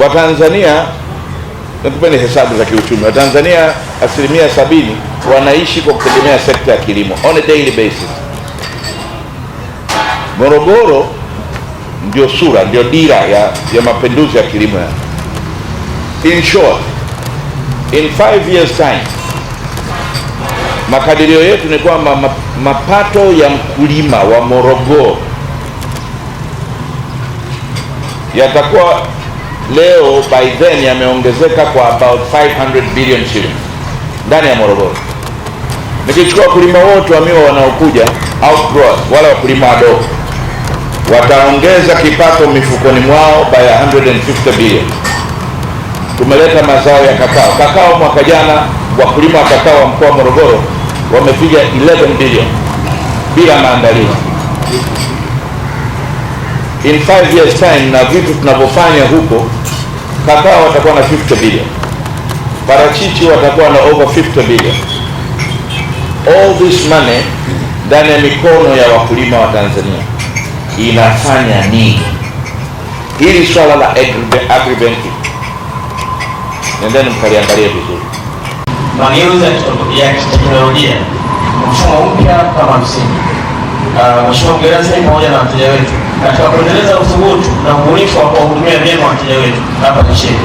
Watanzania, nakupeni hesabu za kiuchumi. Watanzania asilimia sabini wanaishi kwa kutegemea sekta ya kilimo on a daily basis. Morogoro ndio sura, ndio dira ya, ya mapinduzi ya kilimo ya. In short, in five years time, makadirio yetu ni kwamba mapato ya mkulima wa Morogoro yatakuwa leo by then yameongezeka kwa about 500 billion shillings ndani ya Morogoro. Nikichukua wakulima wote wa miwa wanaokuja outgrower, wala wakulima wadogo wataongeza kipato mifukoni mwao by 150 billion. Tumeleta mazao ya kakao. Kakao mwaka jana wakulima wa kakao wa mkoa wa Morogoro wamepiga 11 billion bila maandalizi. In 5 years time na vitu tunavyofanya huko kakao watakuwa na 50 billion, parachichi watakuwa na over 50 billion. All this money ndani ya mikono ya wakulima wa Tanzania inafanya nini? Hili swala la agribanking nendeni mkaliangalie vizuri. Mageuzi ya kiteknolojia, mfumo mpya kama msingi. Ah, Mheshimiwa mgeni rasmi pamoja na wateja wetu katika kuendeleza uthubutu na ubunifu wa kuhudumia vyema wateja wetu hapa nchini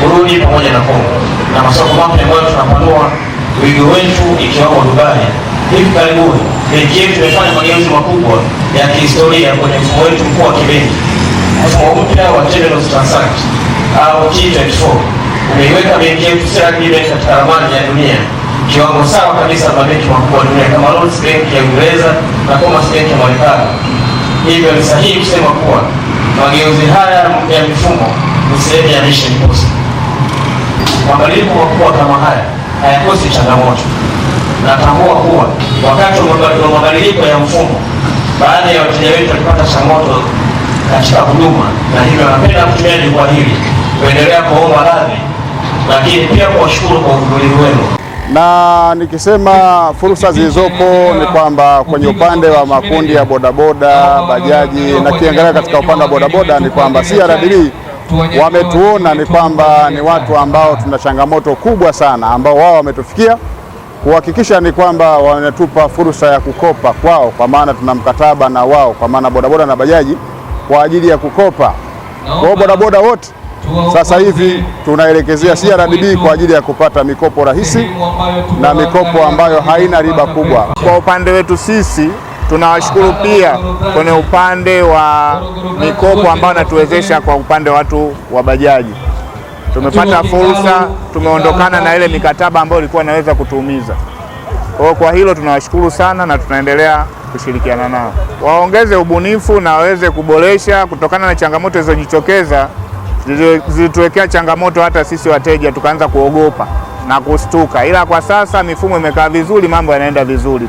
kurudi pamoja na Kongo, na masoko mapya ambayo tunapanua wigo wetu ikiwamo Dubai. Hivi karibuni benki yetu imefanya mageuzi makubwa ya kihistoria kwenye mfumo wetu mkuu wa kibenki. Mfumo mpya wa Terminal Transact au T24 umeiweka benki yetu CRDB Bank katika ramani ya dunia kiwango sawa kabisa na mabenki makubwa dunia kama Lloyds Bank ya Uingereza na Commerce Bank ya Marekani. Hivyo ni sahihi kusema kuwa Mageuzi haya ya mifumo ni sehemu ya mission post. Mabadiliko makubwa kama haya hayakosi changamoto. Natambua kuwa wakati wa mabadiliko ya mfumo, baadhi ya wateja wetu walipata changamoto katika huduma, na hivyo napenda kutumia jukwaa hili kuendelea kuomba radhi, lakini pia kuwashukuru kwa uvumilivu wenu na nikisema fursa zilizopo ni kwamba kwenye upande wa makundi ya bodaboda, bajaji na kiangalia katika upande wa bodaboda ni kwamba CRDB wametuona ni kwamba ni watu ambao tuna changamoto kubwa sana, ambao wao wametufikia kuhakikisha ni kwamba wanatupa fursa ya kukopa kwao, kwa maana tuna mkataba na wao, kwa maana bodaboda na bajaji kwa ajili ya kukopa kwao bodaboda wote sasa hivi tunaelekezea CRDB kwa ajili ya kupata mikopo rahisi na mikopo ambayo haina riba kubwa. Kwa upande wetu sisi tunawashukuru pia kwenye upande wa mikopo ambayo natuwezesha kwa upande wa watu wa bajaji, tumepata fursa, tumeondokana na ile mikataba ambayo ilikuwa inaweza kutuumiza. Kwa kwa hilo tunawashukuru sana na tunaendelea kushirikiana nao, waongeze ubunifu na waweze kuboresha kutokana na changamoto zilizojitokeza zilituwekea changamoto hata sisi wateja tukaanza kuogopa na kustuka, ila kwa sasa mifumo imekaa vizuri, mambo yanaenda vizuri.